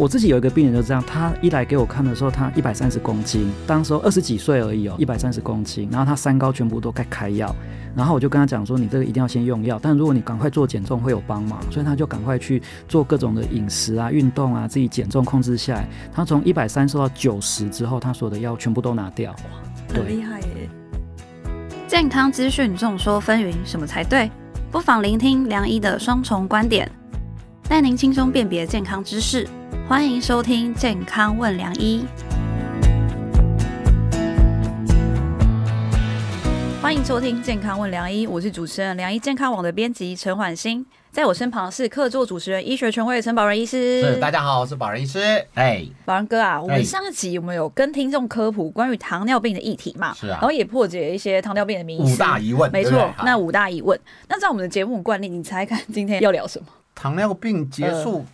我自己有一個病人就是這樣，他一來給我看的時候，他一百三十公斤，當時二十幾歲而已哦、喔，一百三十公斤。然後他三高全部都開開藥，然後我就跟他講說：“你這個一定要先用藥，但如果你趕快做減重會有幫忙。”所以他就趕快去做各種的飲食啊、運動啊，自己減重控制下來。他從一百三瘦到九十之後，他所有的藥全部都拿掉，哇，很厲害耶！健康資訊眾說紛紜，什麼才對？不妨聆聽良醫的雙重觀點，帶您輕鬆辨別健康知識。歡迎收聽《健康問良醫》，歡迎收聽《健康問良醫》，我是主持人良醫健康網的編輯陳宛欣，在我身旁是客座主持人醫學權威的陳保仁醫師。是，大家好，我是保仁醫師。哎，保仁哥啊、哎，我們上一集我們有跟聽眾科普關於糖尿病的議題嘛？是啊。然後也破解一些糖尿病的迷思五大疑問。沒錯，嗯、那五大疑問、嗯。那在我們的節目慣例，你猜看今天要聊什麼？糖尿病結束、呃。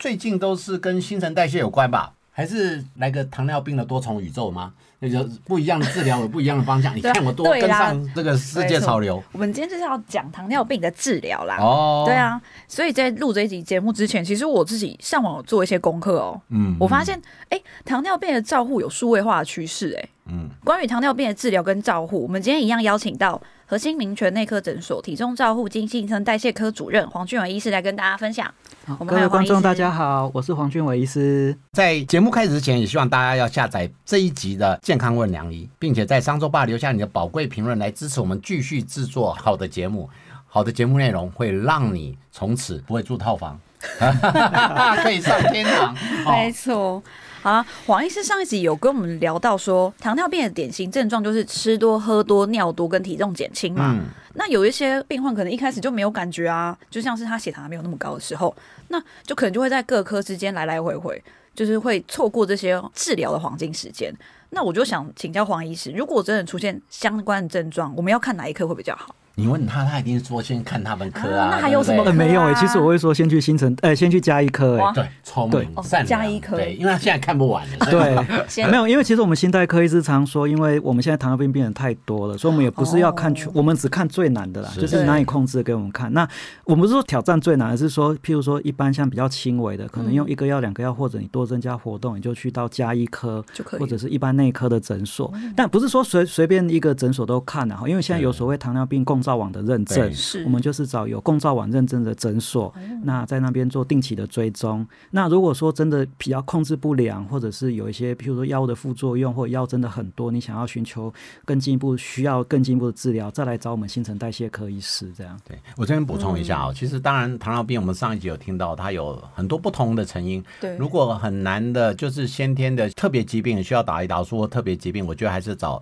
最近都是跟新陳代謝有關吧？還是來個糖尿病的多重宇宙嗎？那就不一樣的治療，有不一樣的方向、 啊。你看我多跟上這個世界潮流。啊、我們今天就是要講糖尿病的治療啦。哦，對啊，所以在錄這一集節目之前，其實我自己上網有做一些功課哦。嗯，嗯，我發現，哎，糖尿病的照護有數位化的趨勢、欸，哎，嗯，關於糖尿病的治療跟照護，我們今天一樣邀請到。禾馨民權內科診所體重照護暨新陳代謝科主任黃峻偉醫師來跟大家分享。各位觀眾，大家好，我是黃峻偉醫師。在節目開始之前，也希望大家要下載這一集的《健康問良醫》，並且在商周 Bar 留下你的寶貴評論，來支持我們繼續製作好的節目。好的節目內容會讓你從此不會住套房， 可以上天堂。 哦、沒錯。好啊，黃醫師上一集有跟我們聊到說，糖尿病的典型症狀就是吃多、喝多、尿多跟體重減輕嘛。嗯。那有一些病患可能一開始就沒有感覺啊，就像是他血糖沒有那麼高的時候，那就可能就會在各科之間來來回回，就是會錯過這些治療的黃金時間。那我就想請教黃醫師，如果真的出現相關的症狀，我們要看哪一科會比較好？你問他，他一定是說先看他們科啊。啊那還有什麼、啊呃？沒有哎、欸。其實我會說先去新陳，呃、欸，先去家醫科哎、欸。對，聰明，善對、哦，家醫科因為他現在看不完。 對，沒有，因為其實我們新代科醫師常說，因為我們現在糖尿病病人太多了，所以我們也不是要看全、哦，我們只看最難的啦，就是難以控制給我們看。那我們不是說挑戰最難，而是說，譬如說一般像比較輕微的，可能用一個藥、兩個藥，或者你多增加活動，你就去到家醫科或者是一般內科的診所、嗯。但不是說隨隨便一個診所都看的、啊，因為現在有所謂糖尿病共照。照網的認證，我們就是找有共照網認證的診所，那在那邊做定期的追蹤。那如果說真的比較控制不良，或者是有一些，譬如說藥物的副作用，或者藥真的很多，你想要尋求更進一步、需要更進一步的治療，再來找我們新陳代謝科醫師這樣。對，我這邊補充一下啊、喔嗯，其實當然糖尿病，我們上一集有聽到它有很多不同的成因。對，如果很難的，就是先天的特別疾病，需要打胰島素或特別疾病，我覺得還是找。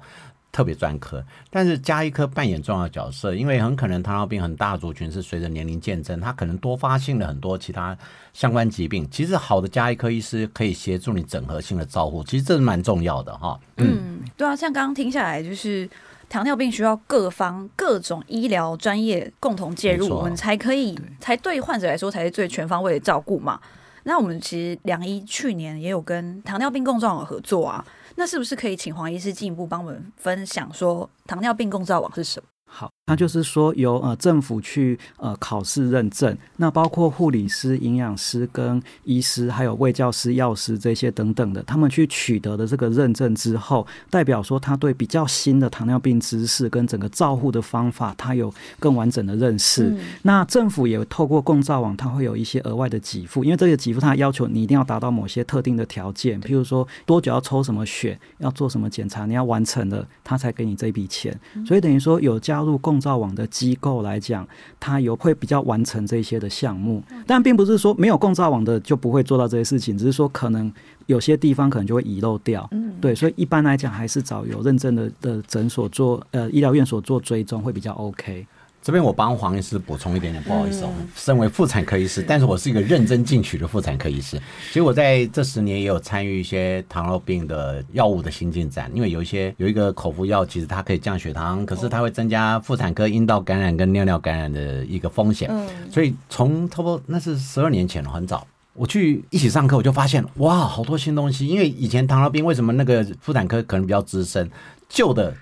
特別專科，但是家醫科扮演重要的角色，因為很可能糖尿病很大族群是隨着年齡漸增，他可能多發性了很多其他相關疾病。其實好的家醫科醫師可以協助你整合性的照顧，其實這是蠻重要的哈、嗯。嗯，對啊，像剛剛聽下來，就是糖尿病需要各方各種醫療專業共同介入，我們才可以對，才對患者來說才是最全方位的照顧嘛。那我們其實良醫去年也有跟糖尿病共照有合作啊。那是不是可以請黃醫師進一步幫我們分享說，糖尿病共照網是什麼？好。他就是說由，由呃政府去呃考試認證，那包括護理師、營養師跟醫師，還有衛教師、藥師這些等等的，他們去取得的這個認證之後，代表說他對比較新的糖尿病知識跟整個照護的方法，他有更完整的認識。嗯，那政府也透過共照網，他會有一些額外的給付，因為這個給付他要求你一定要達到某些特定的條件，譬如說多久要抽什麼血，要做什麼檢查，你要完成了，他才給你這一筆錢。所以等於說有加入共共照網的機構來講，它有會比較完成這些的項目，但並不是說沒有共照網的就不會做到這些事情，只是說可能有些地方可能就會遺漏掉、嗯。對，所以一般來講還是找有認證的的診所做呃醫療院所做追蹤會比較 OK。這邊我幫黃醫師補充一點點，不好意思，我們身為婦產科醫師，但是我是一個認真進取的婦產科醫師。其實我在這十年也有參與一些糖尿病的藥物的新進展，因為有一些有一個口服藥，其實它可以降血糖，可是它會增加婦產科陰道感染跟尿尿感染的一個風險。所以從差不多那是十二年前很早，我去一起上課，我就發現哇，好多新東西。因為以前糖尿病為什麼那個婦產科可能比較資深，舊的。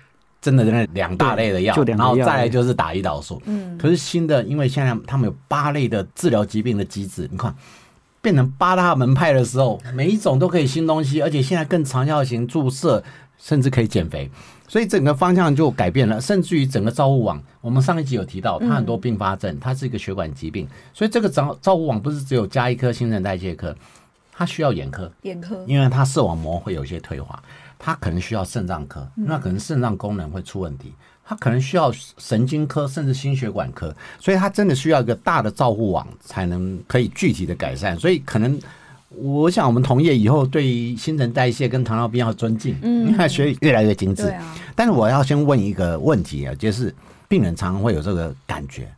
真的那兩大類的藥，然後再來就是打胰島素。嗯。可是新的，因為現在他們有八類的治療疾病的機制，你看變成八大門派的時候，每一種都可以新東西，而且現在更長效型注射，甚至可以減肥，所以整個方向就改變了。甚至於整個照護網，我們上一集有提到，它很多併發症，它是一個血管疾病，嗯、所以這個照照護網不是只有加一顆新陳代謝科，它需要眼科，眼科，因為它視網膜會有些退化。他可能需要腎臟科，那可能腎臟功能會出問題。嗯。他可能需要神經科，甚至心血管科，所以他真的需要一個大的照護網，才能可以具體的改善。所以可能我想，我們同業以後對於新陳代謝跟糖尿病要尊敬，嗯，要學越來越精致。嗯。但是我要先問一個問題啊，就是病人常常會有這個感覺，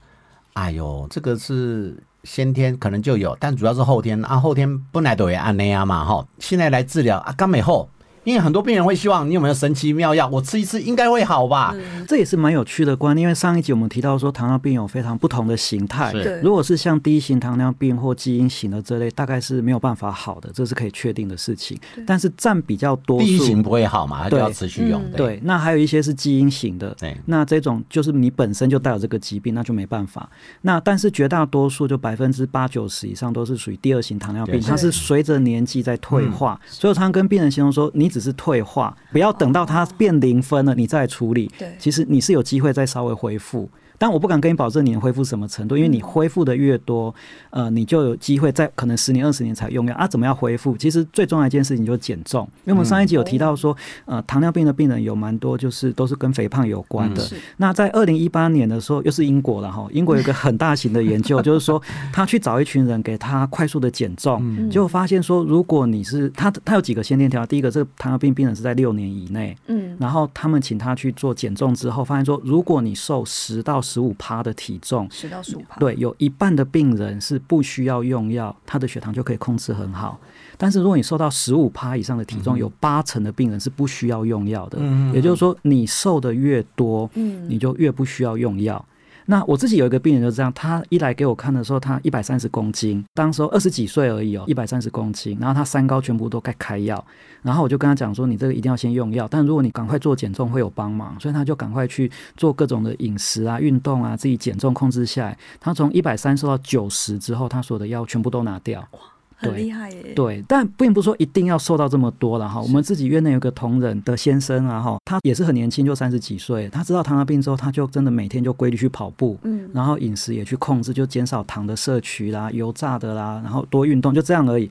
哎呦，這個是先天可能就有，但主要是後天。啊，後天不來都也按那樣嘛，哈，現在來治療啊，剛美後。因為很多病人會希望你有沒有神奇妙藥，我吃一次應該會好吧？嗯。這也是蠻有趣的觀念。因為上一集我們提到說，糖尿病有非常不同的形態。如果是像第一型糖尿病或基因型的這類，大概是沒有辦法好的，這是可以確定的事情。但是占比較多，第一型不會好嘛？對，要持續用。對，那還有一些是基因型的，對，嗯，那這種就是你本身就帶有這個疾病，那就沒辦法。那但是絕大多數就，就百分之八九十以上都是屬於第二型糖尿病，它是隨着年紀在退化。嗯，所以，常常跟病人形容說，你只只是退化，不要等到它變零分了，oh. 你再處理。其實你是有機會再稍微恢復。但我不敢跟你保證你能恢復什麼程度，因為你恢復的越多，呃，你就有機會在可能十年、二十年才用藥啊。怎麼樣恢復？其實最重要一件事情就是減重。因為我們上一集有提到說，呃，糖尿病的病人有蠻多，就是都是跟肥胖有關的。嗯、那在二零一八年的時候，又是英國了哈。英國有個很大型的研究， 就是說他去找一群人給他快速的減重，嗯、就發現說，如果你是他，他有幾個先天條，第一個是糖尿病病人是在六年以內，嗯，然後他們請他去做減重之後，發現說，如果你瘦十到。十五趴的體重，10到十五趴，對，有一半的病人是不需要用藥，他的血糖就可以控制很好。但是如果你瘦到十五趴以上的體重，有八成的病人是不需要用藥的，嗯。也就是說，你瘦的越多，你就越不需要用藥。嗯那我自己有一個病人就是這樣，他一來給我看的時候，他一百三十公斤，當時候二十幾歲而已哦，一百三十公斤，然後他三高全部都該開藥，然後我就跟他講說，你這個一定要先用藥，但如果你趕快做減重會有幫忙，所以他就趕快去做各種的飲食啊、運動啊，自己減重控制下來，他從一百三瘦到九十之後，他所有的藥全部都拿掉。很厲害耶、欸，對，但並不是說一定要瘦到這麼多了哈。我們自己院內有個同仁的先生啊哈，他也是很年輕，就三十幾歲，他知道糖尿病之後，他就真的每天就規律去跑步，嗯，然後飲食也去控制，就減少糖的攝取啦、油炸的啦，然後多運動，就這樣而已。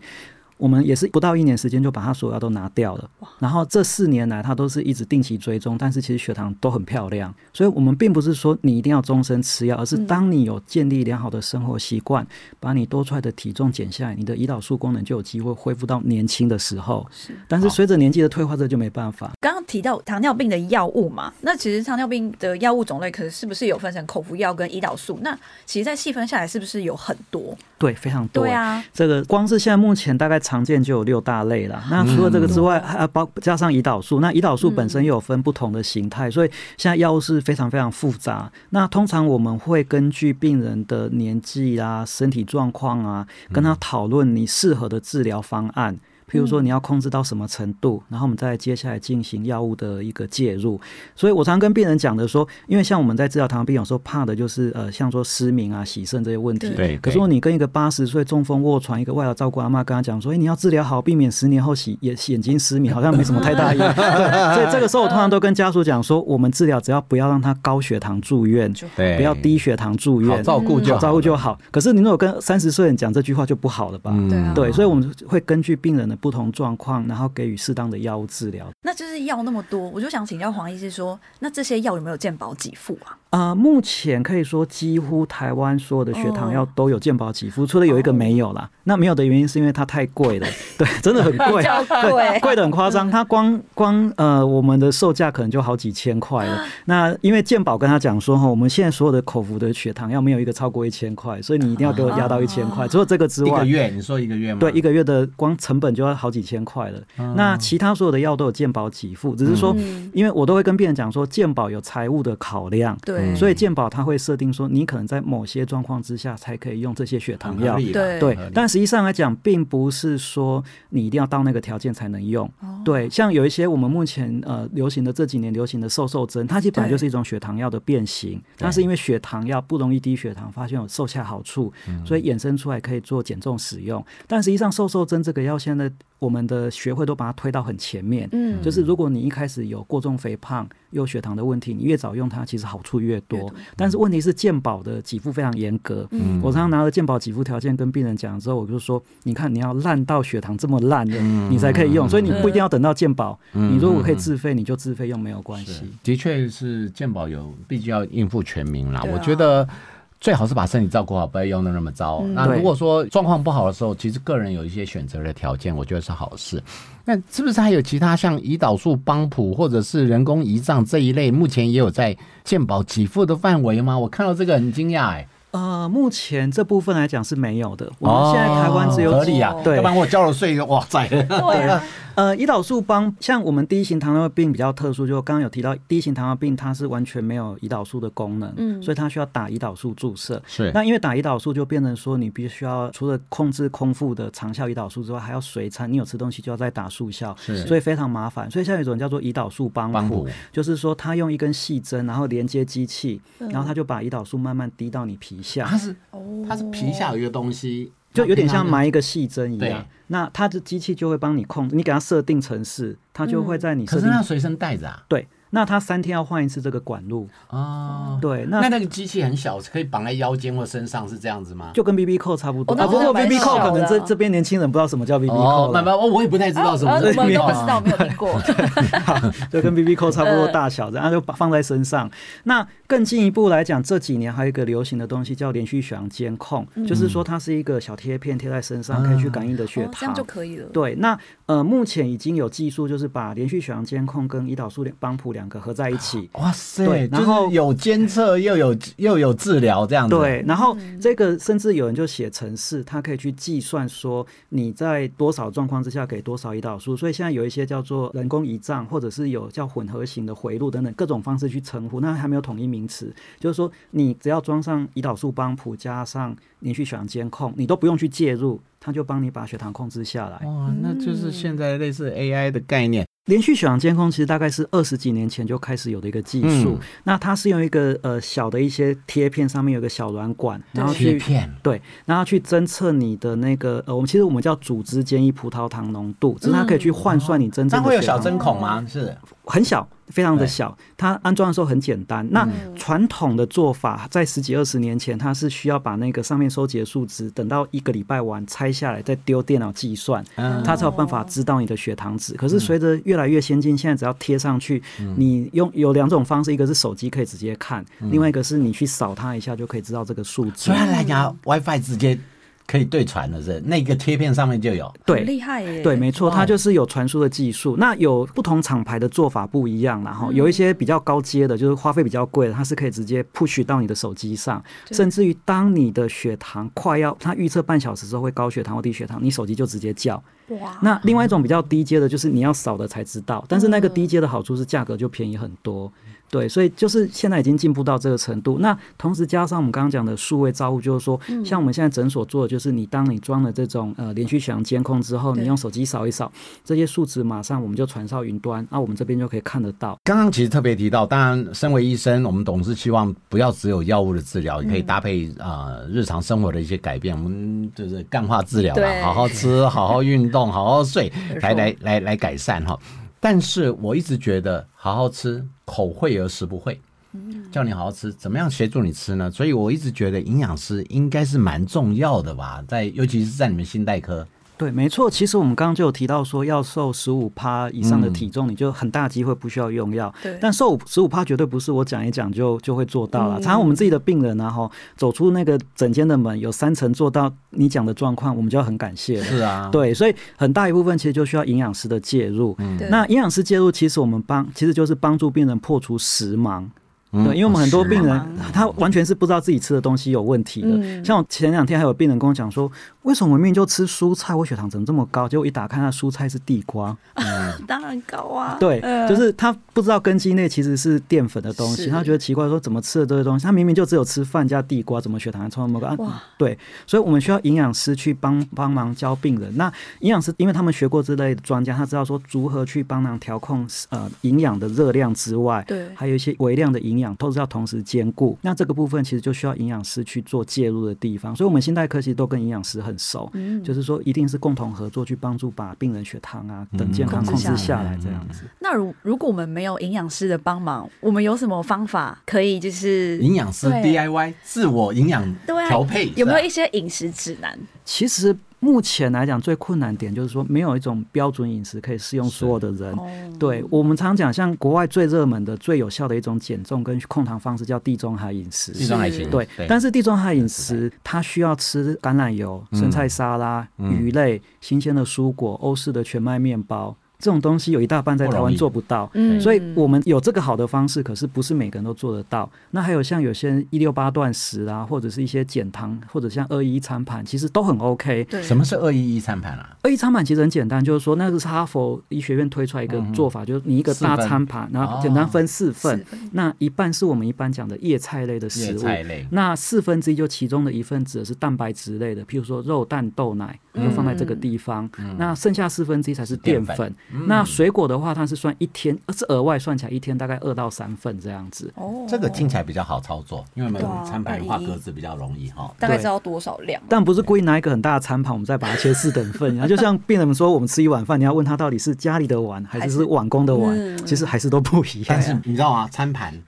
我們也是不到一年時間就把他所有藥都拿掉了，然後這四年來他都是一直定期追蹤，但是其實血糖都很漂亮，所以我們並不是說你一定要終身吃藥，而是當你有建立良好的生活習慣、嗯，把你多出來的體重減下來，你的胰島素功能就有機會恢復到年輕的時候。是，但是隨着年紀的退化，這就沒辦法。剛、哦、剛提到糖尿病的藥物嘛，那其實糖尿病的藥物種類可是不是有分成口服藥跟胰島素？那其實在細分下來，是不是有很多？對，非常多。對啊，這個光是現在目前大概。常見就有六大類啦。那除了這個之外，嗯、還包括加上胰島素。那胰島素本身又有分不同的形態、嗯，所以現在藥物是非常非常複雜。那通常我們會根據病人的年紀啊、身體狀況啊，跟他討論你適合的治療方案。嗯。比如說你要控制到什麼程度，然後我們再接下來進行藥物的一個介入。所以我常跟病人講的說，因為像我們在治療糖尿病，有時候怕的就是呃，像說失明啊、洗腎這些問題。對，對，對。可是如果你跟一個八十歲中風臥床一個外勞照顧阿嬤，跟他講說、欸，你要治療好，避免十年後洗眼洗眼睛失明，好像沒什麼太大意義。 所以這個時候我通常都跟家屬講說，我們治療只要不要讓他高血糖住院，不要低血糖住院，好照顧就照顧就好。可是你如果跟三十歲人講這句話就不好了吧、嗯？對，所以我們會根據病人的。不同狀況，然後給予適當的藥物治療。那就是藥那麼多，我就想請教黃醫師說，那這些藥有沒有健保給付啊？呃，目前可以說幾乎台灣所有的血糖藥都有健保給付，oh. 除了有一個沒有啦。Oh. 那沒有的原因是因為它太貴了， 對，真的很貴， 對，貴 得很誇張。 它光光呃，我們的售價可能就好幾千塊了。Oh. 那因為健保跟他講說哈，我們現在所有的口服的血糖藥沒有一個超過一千塊，所以你一定要給我壓到一千塊。Oh. 除了這個之外，一個月你說一個月嗎？對，一個月的光成本就要好幾千塊了。Oh. 那其他所有的藥都有健保給付，只是說，嗯、因為我都會跟病人講說，健保有財務的考量，對。所以健保它會設定說，你可能在某些狀況之下才可以用這些血糖藥，對。但實際上來講，並不是說你一定要到那個條件才能用，哦。對，像有一些我們目前呃流行的這幾年流行的瘦瘦針，它基本就是一種血糖藥的變形，但是因為血糖藥不容易低血糖，發現有瘦下好處，所以衍生出來可以做減重使用。嗯嗯，但實際上瘦瘦針這個藥現在。我們的學會都把它推到很前面，嗯，就是如果你一開始有過重肥胖有血糖的問題，你越早用它，其實好處越多。但是問題是健保的給付非常嚴格，嗯，我常常拿著健保給付條件跟病人講之後，我就說，你看你要爛到血糖這麼爛，的、嗯，你才可以用，所以你不一定要等到健保，嗯、你如果可以自費，你就自費，用。沒有關係。的確是健保有必須要應付全民啦，啊、我覺得。最好是把身體照顧好，不要用的那麼糟，啊嗯。那如果說狀況不好的時候，其實個人有一些選擇的條件，我覺得是好事。那是不是還有其他像胰島素幫浦或者是人工胰臟這一類，目前也有在健保給付的範圍嗎？我看到這個很驚訝哎。呃，目前這部分來講是沒有的。我們現在台灣只有幾啊，對，要不然我交了稅，哇塞了， 對、啊呃，胰島素幫像我們第一型糖尿病比較特殊，就剛剛有提到，第一型糖尿病它是完全沒有胰島素的功能、嗯，所以它需要打胰島素注射。是，那因為打胰島素就變成說，你必須要除了控制空腹的長效胰島素之外，還要隨餐，你有吃東西就要再打速效，是，所以非常麻煩。所以像有一種叫做胰島素幫浦，就是說它用一根細針，然後連接機器，然後它就把胰島素慢慢滴到你皮下、嗯。它是，它是皮下有一個東西。就有點像埋一個細針一樣，啊、那它的機器就會幫你控制，你給它設定程式，它就會在你身上、嗯。可是它隨身帶着啊。對。那他三天要換一次這個管路哦、嗯。對，那那，那個機器很小，可以綁在腰間或身上，是這樣子嗎？就跟 BB Call 差不多。哦、啊，不過 BB Call 可能這、哦、這邊年輕人不知道什麼叫 BB Call 了。我、哦、我也不太知道什麼 BB、啊、Call。沒、啊、知道，啊、沒有聽過。對， 對就跟 BB Call 差不多大小，然後就放在身上。嗯、 那更進一步來講，這幾年還有一個流行的東西叫連續血糖監控、嗯，就是說它是一個小貼片貼在身上、嗯，可以去感應的血糖、嗯哦，這樣就可以了。對，那呃，目前已經有技術，就是把連續血糖監控跟胰島素幫浦。兩個合在一起，哇塞！對然後、就是、有監測又有又有治療這樣子。對，然後這個甚至有人就寫程式，它可以去計算說，你在多少狀況之下給多少胰島素。所以現在有一些叫做人工胰臟，或者是有叫混合型的回路等等各種方式去稱呼。那還沒有統一名詞，就是說你只要裝上胰島素幫浦，加上連續血糖監控，你都不用去介入，他就幫你把血糖控制下來。哇、哦，那就是現在類似 AI 的概念。連續血糖監控其實大概是二十幾年前就開始有的一個技術。嗯，那它是用一個呃小的一些貼片，上面有一個小軟管，然後貼片對，然後去偵測你的那個呃，我們其實我們叫組織間液葡萄糖濃度，就是它可以去換算你真正的。嗯。哦，會有小針孔嗎？是。很小，非常的小。它安裝的時候很簡單。嗯、那傳統的做法，在十幾二十年前，它是需要把那個上面收集的數值，等到一個禮拜完拆下來再丟電腦計算，再丟電腦計算，它才有辦法知道你的血糖值。嗯、可是隨着越來越先進，現在只要貼上去，嗯、你用有兩種方式，一個是手機可以直接看、嗯，另外一個是你去掃它一下就可以知道這個數值。雖然來講 WiFi 直接。可以對，傳的是那個貼片上面就有，對厲害，欸，對沒錯，它就是有傳輸的技術。那有不同廠牌的做法不一樣，然後有一些比較高階的，就是花費比較貴，它是可以直接 push 到你的手機上，甚至於當你的血糖快要，它預測半小時之後會高血糖或低血糖，你手機就直接叫。對啊。那另外一種比較低階的，就是你要掃的才知道，但是那個低階的好處是價格就便宜很多。對，所以就是現在已經進步到這個程度。那同時加上我們剛剛講的數位照護，就是說、嗯，像我們現在診所做的，就是你當你裝了這種呃連續血糖監控之後、嗯，你用手機掃一掃這些數值，馬上我們就傳上雲端，那、啊、我們這邊就可以看得到。剛剛其實特別提到，當然身為醫生，我們總是希望不要只有藥物的治療，也可以搭配啊、嗯呃、日常生活的一些改變，我們就是干化治療了，好好吃，好好運動， 好好睡，來 來來來改善哈。但是我一直覺得，好好吃。口會而食不會，叫你好好吃，怎麼樣協助你吃呢？所以我一直覺得營養師應該是蠻重要的吧，在尤其是在你們新代科。對，沒錯。其實我們剛剛就有提到說，要瘦十五趴以上的體重，嗯，你就很大機會不需要用藥。但瘦十五趴絕對不是我講一講就就會做到了，嗯。常常我們自己的病人呢，哈，走出那個診間的門，有三層做到你講的狀況，我們就要很感謝了。是啊，對，所以很大一部分其實就需要營養師的介入。嗯、那營養師介入，其實我們幫其實就是幫助病人破除食盲。嗯、對，因為我們很多病人、啊，他完全是不知道自己吃的東西有問題的。嗯、像我前兩天還有病人跟我講說，為什麼我明明就吃蔬菜，我血糖怎麼這麼高？結果我一打開那蔬菜是地瓜。嗯 當然高啊！對、呃，就是他不知道根莖類，那其實是澱粉的東西，他覺得奇怪，說怎麼吃的這些東西，他明明就只有吃飯加地瓜，怎麼血糖還衝那麼高？啊對，所以我們需要營養師去幫幫忙教病人。那營養師，因為他們學過之類的專家，他知道說如何去幫忙調控呃營養的熱量之外，對，還有一些微量的營養都是要同時兼顧。那這個部分其實就需要營養師去做介入的地方。所以，我們新陳代謝科其實都跟營養師很熟、嗯，就是說一定是共同合作去幫助把病人血糖啊等健康、嗯、控制下來這樣子。嗯、那如如果我們沒有營養師的幫忙，我們有什麼方法可以就是營養師 DIY 自我營養調配、啊？有沒有一些飲食指南？其實目前來講，最困難點就是說沒有一種標準飲食可以適用所有的人。哦、對我們常講，像國外最熱門的、最有效的一種減重跟控糖方式叫地中海飲食。地中海飲食對，但是地中海飲食它需要吃橄欖油、生菜沙拉、嗯、魚類、嗯、新鮮的蔬果、歐式的全麥麵包。這種東西有一大半在台灣做不到，嗯嗯，所以我們有這個好的方式，可是不是每個人都做得到。那還有像有些人一六八斷食啊，或者是一些減糖，或者像二一一餐盤，其實都很 OK。什麼是二一一餐盤啊？二一餐盤其實很簡單，就是說那個是哈佛醫學院推出來一個做法，嗯、就是你一個大餐盤，然後簡單分四份，哦、那一半是我們一般講的葉菜類的食物，那四分之一就其中的一份指的是蛋白質類的，譬如說肉蛋豆奶嗯嗯，就放在這個地方、嗯，那剩下四分之一才是澱粉。澱粉嗯、那水果的話，它是算一天，是額外算起來一天大概二到三份這樣子、哦。這個聽起來比較好操作，因為我們餐盤畫格子比較容易哈。大概知道多少量？但不是故意拿一個很大的餐盤，我們再把它切四等份。然後 就像病人說，我們吃一碗飯，你要問他到底是家裡的碗還是是碗公的碗，其實還是都不一樣、啊。但是你知道嗎？餐盤。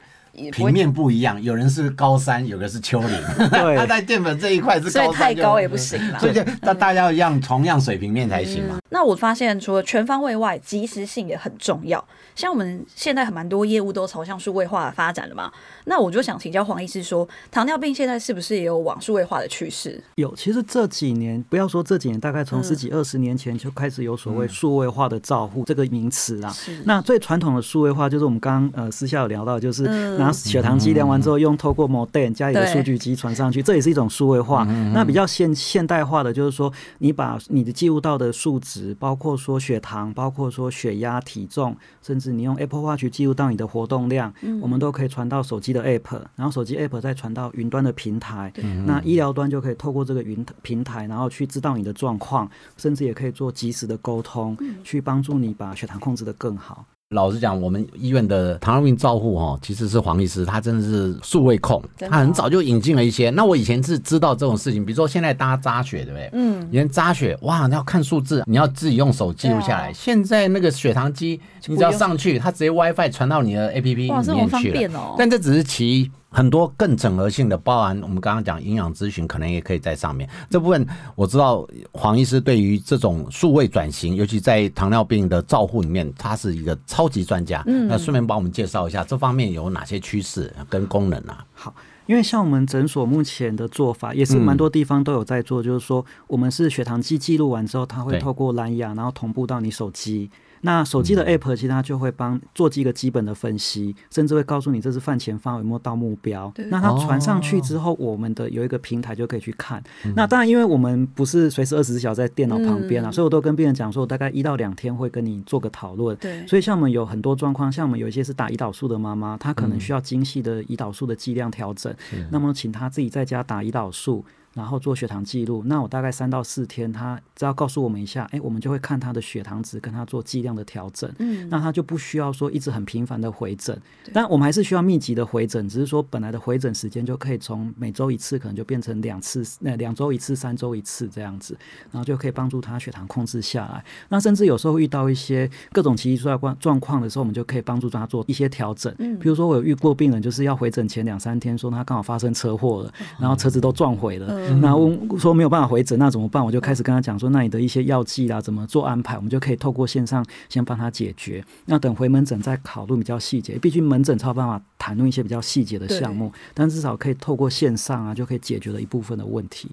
平面不一樣，有人是高山，有的是丘陵。 對，它、啊、在澱粉這一塊是高山，所以太高也不行啦、嗯。所以、嗯、大家要一樣，同樣水平面才行嘛。那我發現除了全方位外，即時性也很重要。像我們現在很蠻多業務都朝向數位化的發展了嘛。那我就想請教黃醫師說，糖尿病現在是不是也有往數位化的趨勢？有，其實這幾年不要說這幾年，大概從十幾二十年前就開始有所謂數位化的照護、嗯、這個名詞啦、啊。是。那最傳統的數位化就是我們剛呃私下有聊到，就是、嗯血糖機量完之後，用透過 Modem 家裡的數據機傳上去，這也是一種數位化。嗯、那比較現現代化的，就是說，你把你的記錄到的數值，包括說血糖，包括說血壓、體重，甚至你用 Apple Watch 記錄到你的活動量，嗯、我們都可以傳到手機的 App，然後手機 App 再傳到雲端的平台。那醫療端就可以透過這個雲平台，然後去知道你的狀況，甚至也可以做即時的溝通，去幫助你把血糖控制得更好。老實講，我們醫院的糖尿病照護哈，其實是黃醫師，他真的是數位控，他很早就引進了一些。那我以前是知道這種事情，比如說現在大家扎血對不對？嗯，以前扎血哇，你要看數字，你要自己用手記錄下來，啊。現在那個血糖機，你只要上去，它直接 WiFi 傳到你的 APP 裡面去了。這哦，但這只是其一。很多更整合性的，包含我們剛剛講營養諮詢，可能也可以在上面這部分。我知道黃醫師對於這種數位轉型，尤其在糖尿病的照護裡面，他是一個超級專家。嗯，那順便幫我們介紹一下這方面有哪些趨勢跟功能啊？好，因為像我們診所目前的做法，也是蠻多地方都有在做，嗯，就是說我們是血糖機記錄完之後，它會透過藍牙，然後同步到你手機。那手機的 app 其實它就會幫做幾個基本的分析，嗯、甚至會告訴你這是飯前飯後有沒有到目標。那它傳上去之後，我們的有一個平台就可以去看。哦、那當然，因為我們不是隨時二十四小時在電腦旁邊啊、嗯，所以我都跟病人講說，我大概一到兩天會跟你做個討論。對，所以像我們有很多狀況，像我們有一些是打胰島素的媽媽，她可能需要精細的胰島素的劑量調整、嗯，那麼請她自己在家打胰島素。然後做血糖記錄，那我大概三到四天，他只要告訴我們一下，哎，我們就會看他的血糖值，跟他做劑量的調整。嗯，那他就不需要說一直很頻繁的回診，對，但我們還是需要密集的回診，只是說本來的回診時間就可以從每周一次可能就變成兩次，那、呃、兩周一次、三周一次這樣子，然後就可以幫助他血糖控制下來。那甚至有時候遇到一些各種奇奇怪怪狀況的時候，我們就可以幫助他做一些調整。嗯，比如說我有遇過病人，就是要回診前兩三天說他剛好發生車禍了，嗯、然後車子都撞毀了。嗯嗯那、嗯、我說沒有辦法回診，那怎麼辦？我就開始跟他講說，那你的一些藥劑啊，怎麼做安排？我們就可以透過線上先幫他解決。那等回門診再討論比較細節，畢竟門診才有辦法談論一些比較細節的項目。但至少可以透過線上啊，就可以解決了一部分的問題。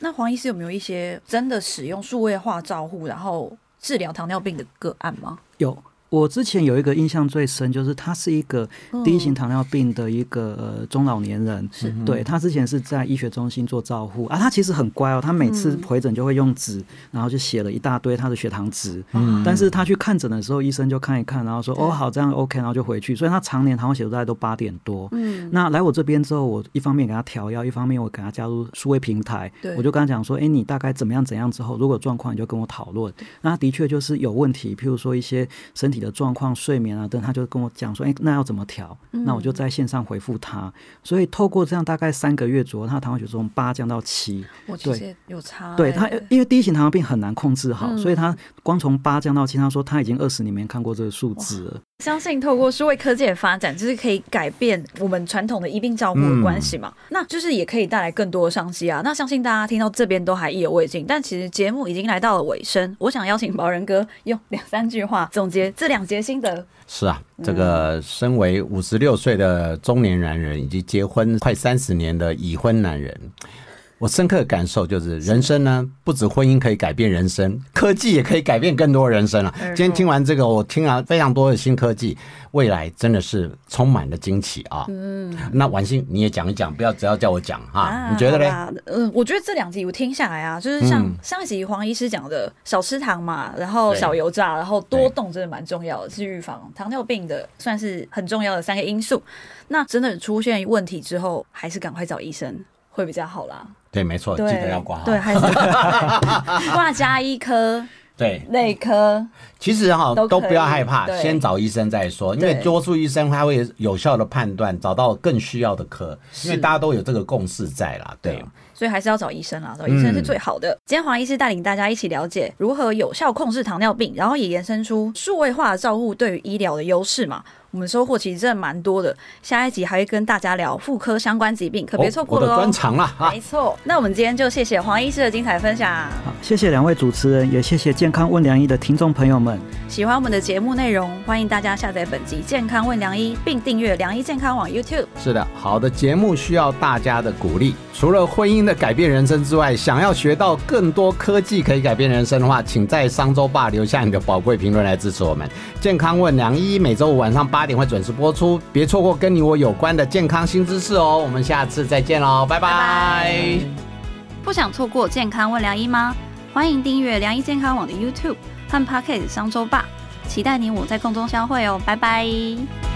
那黃醫師有沒有一些真的使用數位化照護然後治療糖尿病的個案嗎？有。我之前有一個印象最深，就是他是一個第一型糖尿病的一個、oh. 呃、中老年人，對，他之前是在醫學中心做照護啊，他其實很乖哦，他每次回診就會用紙、嗯，然後就寫了一大堆他的血糖值、嗯，但是他去看診的時候，醫生就看一看，然後說哦好這樣 OK，然後就回去，所以他常年糖化血色素大概都八點多。嗯那來我這邊之後，我一方面給他調藥，一方面我給他加入數位平台。我就跟他講說，哎，你大概怎麼樣怎麼樣？之後如果有狀況，你就跟我討論。那他的確就是有問題，譬如說一些身體的狀況、睡眠啊等，等，他就跟我講說，哎，那要怎麼調、嗯？那我就在線上回復他。所以透過這樣大概三個月左右，他糖化血從八降到七、嗯。我其實有差、哎。對他，因為第一型糖尿病很難控制好，嗯、所以他光從八降到七，他說他已經二十年沒看過這個數字。相信透過數位科技的發展，就是可以改變我們傳統的醫病照顧關係嘛、嗯，那就是也可以帶來更多的商機啊。那相信大家聽到這邊都還意猶未盡，但其實節目已經來到了尾聲，我想邀請保仁哥用兩三句話總結這兩節心得：是啊，這個身為五十六歲的中年男人，以及結婚快三十年的已婚男人。我深刻的感受就是，人生呢不止婚姻可以改變人生，科技也可以改變更多人生啊。今天聽完這個，我聽了、啊、非常多的新科技，未來真的是充滿了驚奇啊！嗯，那宛欣你也講一講，不要只要叫我講哈、啊？你覺得呢、啊嗯？我覺得這兩集我聽下來啊，就是像上一集黃醫師講的少吃糖嘛，然後少油炸，然後多動，真的蠻重要的，是預防糖尿病的算是很重要的三個因素。那真的出現問題之後，還是趕快找醫生會比較好啦。對，沒錯，記得要掛號。對，還是掛家醫科。對，內科、嗯、其實哈，都不要害怕，先找醫生再說，因為多數醫生他會有效的判斷，找到更需要的科，因為大家都有這個共識在啦。對，對、啊。所以還是要找醫生啦，找醫生是最好的。嗯、今天黃醫師帶領大家一起了解如何有效控制糖尿病，然後也延伸出數位化的照護對於醫療的優勢嘛。我們收穫其實真的蠻多的，下一集還會跟大家聊婦科相關疾病，可別錯過了哦。我的專長了、啊、沒錯。那我們今天就謝謝黃醫師的精彩分享，好，謝謝兩位主持人，也謝謝健康問良醫的聽眾朋友們。喜歡我們的節目內容，歡迎大家下載本集《健康問良醫》，並訂閱《良醫健康網》YouTube。是的，好的節目需要大家的鼓勵。除了婚姻的改變人生之外，想要學到更多科技可以改變人生的話，請在商周 Bar 留下你的寶貴評論來支持我們。健康問良醫每週五晚上八。八點會準時播出，別錯過跟你我有關的健康新知識哦、喔！我們下次再見嘍，拜拜！不想錯過健康問良醫嗎？歡迎訂閱良醫健康網的 YouTube 和 Pocket 商周吧，期待你我在空中相會哦，拜拜！